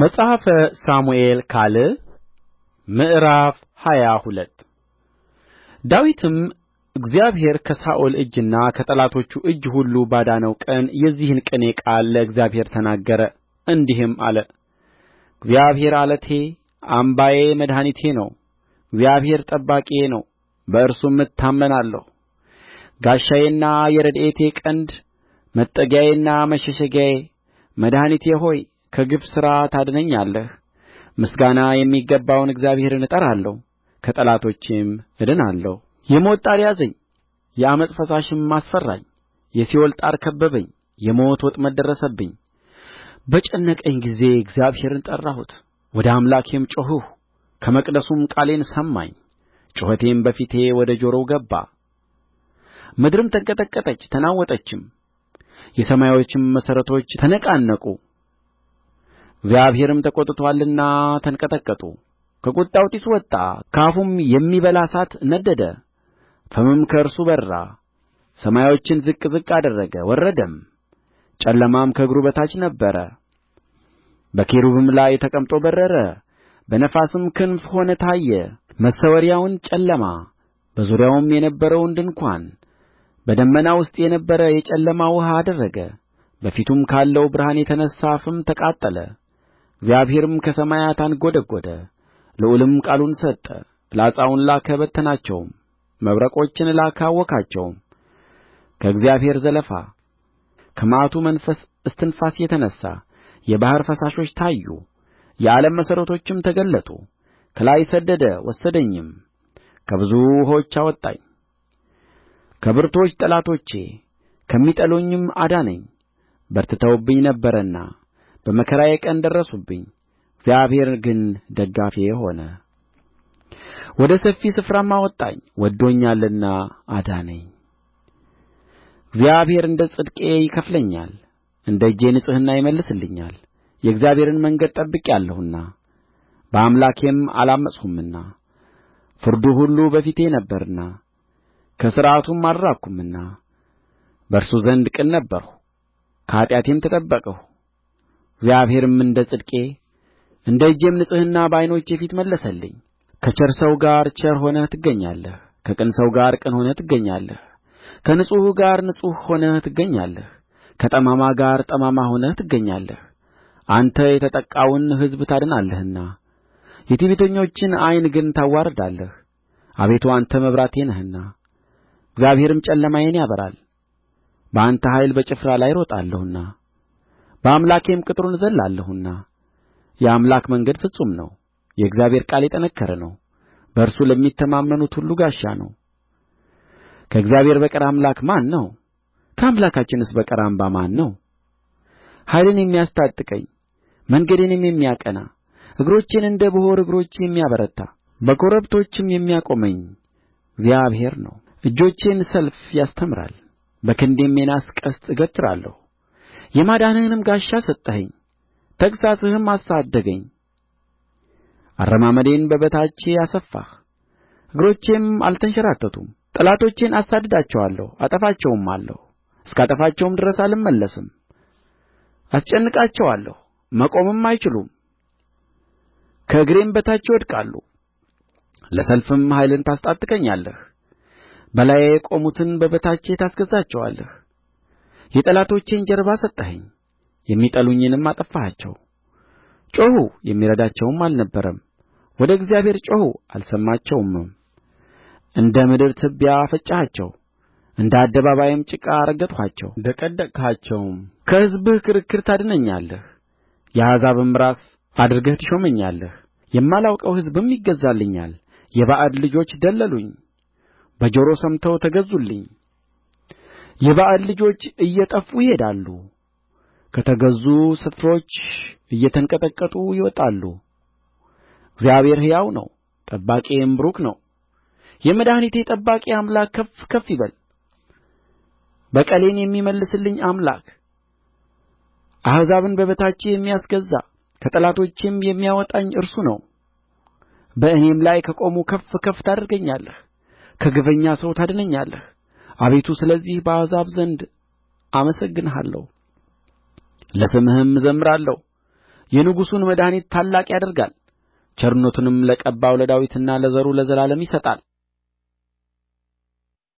መጽሐፈ ሳሙኤል ካል ምዕራፍ ሃያ ሁለት ዳዊትም እግዚአብሔር ከሳኦል እጅና ከጠላቶቹ እጅ ሁሉ ባዳነው ቀን የዚህን ቅኔ ቃል ለእግዚአብሔር ተናገረ፣ እንዲህም አለ። እግዚአብሔር ዓለቴ፣ አምባዬ፣ መድኃኒቴ ነው። እግዚአብሔር ጠባቂዬ ነው፣ በእርሱም እታመናለሁ። ጋሻዬና የረድኤቴ ቀንድ፣ መጠጊያዬና መሸሸጊያዬ፣ መድኃኒቴ ሆይ ከግፍ ሥራ ታድነኛለህ ምስጋና የሚገባውን እግዚአብሔርን እጠራለሁ ከጠላቶቼም እድናለሁ የሞት ጣር ያዘኝ የዓመፅ ፈሳሽም አስፈራኝ የሲኦል ጣር ከበበኝ የሞት ወጥመድ ደረሰብኝ በጨነቀኝ ጊዜ እግዚአብሔርን ጠራሁት ወደ አምላኬም ጮኽሁ ከመቅደሱም ቃሌን ሰማኝ ጩኸቴም በፊቴ ወደ ጆሮው ገባ ምድርም ተንቀጠቀጠች ተናወጠችም የሰማዮችም መሠረቶች ተነቃነቁ እግዚአብሔርም ተቈጥቶአልና ተንቀጠቀጡ ከቍጣው ጢስ ወጣ ከአፉም የሚበላ እሳት ነደደ ፍምም ከእርሱ በራ ሰማዮችን ዝቅ ዝቅ አደረገ ወረደም ጨለማም ከእግሩ በታች ነበረ በኪሩብም ላይ ተቀምጦ በረረ በነፋስም ክንፍ ሆኖ ታየ መሰወሪያውን ጨለማ በዙሪያውም የነበረውን ድንኳን በደመና ውስጥ የነበረ የጨለማ ውኃ አደረገ በፊቱም ካለው ብርሃን የተነሣ ፍም ተቃጠለ እግዚአብሔርም ከሰማያት አንጐደጐደ ልዑልም ቃሉን ሰጠ ፍላጻውን ላከ በተናቸውም መብረቆችን ላከ አወካቸውም ከእግዚአብሔር ዘለፋ ከመዓቱ መንፈስ እስትንፋስ የተነሣ የባሕር ፈሳሾች ታዩ የዓለም መሠረቶችም ተገለጡ ከላይ ሰደደ ወሰደኝም ከብዙ ውኆች አወጣኝ ከብርቱዎች ጠላቶቼ ከሚጠሉኝም አዳነኝ በርትተውብኝ ነበርና በመከራዬ ቀን ደረሱብኝ እግዚአብሔር ግን ደገፋዬ ሆነ ወደ ሰፊ ስፍራም አወጣኝ ወድዶኛልና አዳነኝ እግዚአብሔር እንደ ጽድቄ ይከፍለኛል እንደ እጄ ንጽሕና ይመልስልኛል የእግዚአብሔርን መንገድ ጠብቄአለሁና በአምላኬም አላመፅሁምና ፍርዱ ሁሉ በፊቴ ነበረና ከሥርዓቱም አልራቅሁምና በእርሱ ዘንድ ቅን ነበርሁ ከኃጢአቴም ተጠበቅሁ እግዚአብሔርም እንደ ጽድቄ እንደ እጄም ንጽሕና በዓይኖቼ ፊት መለሰልኝ ከቸር ሰው ጋር ቸር ሆነህ ትገኛለህ ከቅን ሰው ጋር ቅን ሆነህ ትገኛለህ ከንጹሕ ጋር ንጹሕ ሆነህ ትገኛለህ ከጠማማ ጋር ጠማማ ሆነህ ትገኛለህ አንተ የተጠቃውን ሕዝብ ታድናለህና የትዕቢተኞችን ዓይን ግን ታዋርዳለህ አቤቱ አንተ መብራቴ ነህና እግዚአብሔርም ጨለማዬን ያበራል በአንተ ኃይል በጭፍራ ላይ እሮጣለሁና በአምላኬም ቅጥሩን እዘልላለሁና የአምላክ መንገድ ፍጹም ነው የእግዚአብሔር ቃል የጠነከረ ነው በእርሱ ለሚተማመኑት ሁሉ ጋሻ ነው ከእግዚአብሔር በቀር አምላክ ማን ነው ከአምላካችንስ በቀር አምባ ማን ነው ኃይልን የሚያስታጥቀኝ መንገዴንም የሚያቀና እግሮቼን እንደ ብሆር እግሮች የሚያበረታ በኮረብቶችም የሚያቆመኝ እግዚአብሔር ነው እጆቼን ሰልፍ ያስተምራል በክንዴም የናስ ቀስት እገትራለሁ የማዳንህንም ጋሻ ሰጠኸኝ ተግሣጽህም አሳደገኝ አረማመዴን በበታቼ አሰፋህ እግሮቼም አልተንሸራተቱም ጠላቶቼን አሳድዳቸዋለሁ አጠፋቸውማለሁ እስካጠፋቸውም ድረስ አልመለስም አስጨንቃቸዋለሁ መቆምም አይችሉም ከእግሬም በታች ይወድቃሉ ለሰልፍም ኃይልን ታስታጥቀኛለህ በላዬ የቆሙትን በበታቼ ታስገዛቸዋለህ የጠላቶቼን ጀርባ ሰጠኸኝ የሚጠሉኝንም አጠፋሃቸው ጮኹ የሚረዳቸውም አልነበረም ወደ እግዚአብሔር ጮኹ አልሰማቸውምም እንደ ምድር ትቢያ ፈጨኋቸው፣ እንደ አደባባይም ጭቃ ረገጥኋቸው ደቀደቅኋቸውም። ከሕዝብህ ክርክር ታድነኛለህ የአሕዛብም ራስ አድርገህ ትሾመኛለህ የማላውቀው ሕዝብም ይገዛልኛል የባዕድ ልጆች ደለሉኝ በጆሮ ሰምተው ተገዙልኝ የበኣል ልጆች እየጠፉ ይሄዳሉ ከተገዙ ስፍሮች እየተንቀጠቀጡ ይወጣሉ እግዚአብሔር ሕያው ነው ጠባቂዬም ቡሩክ ነው የመድኃኒቴ ጠባቂ አምላክ ከፍ ከፍ ይበል በቀሌን የሚመልስልኝ አምላክ አሕዛብን በበታቼ የሚያስገዛ ከጠላቶቼም የሚያወጣኝ እርሱ ነው በእኔም ላይ ከቆሙ ከፍ ከፍ ታደርገኛለህ ከግፈኛ ሰው ታድነኛለህ አቤቱ ስለዚህ በአሕዛብ ዘንድ አመሰግንሃለሁ ለስምህም እዘምራለሁ የንጉሡን መድኃኒት ታላቅ ያደርጋል ቸርነቱንም ለቀባው ለዳዊትና ለዘሩ ለዘላለም ይሰጣል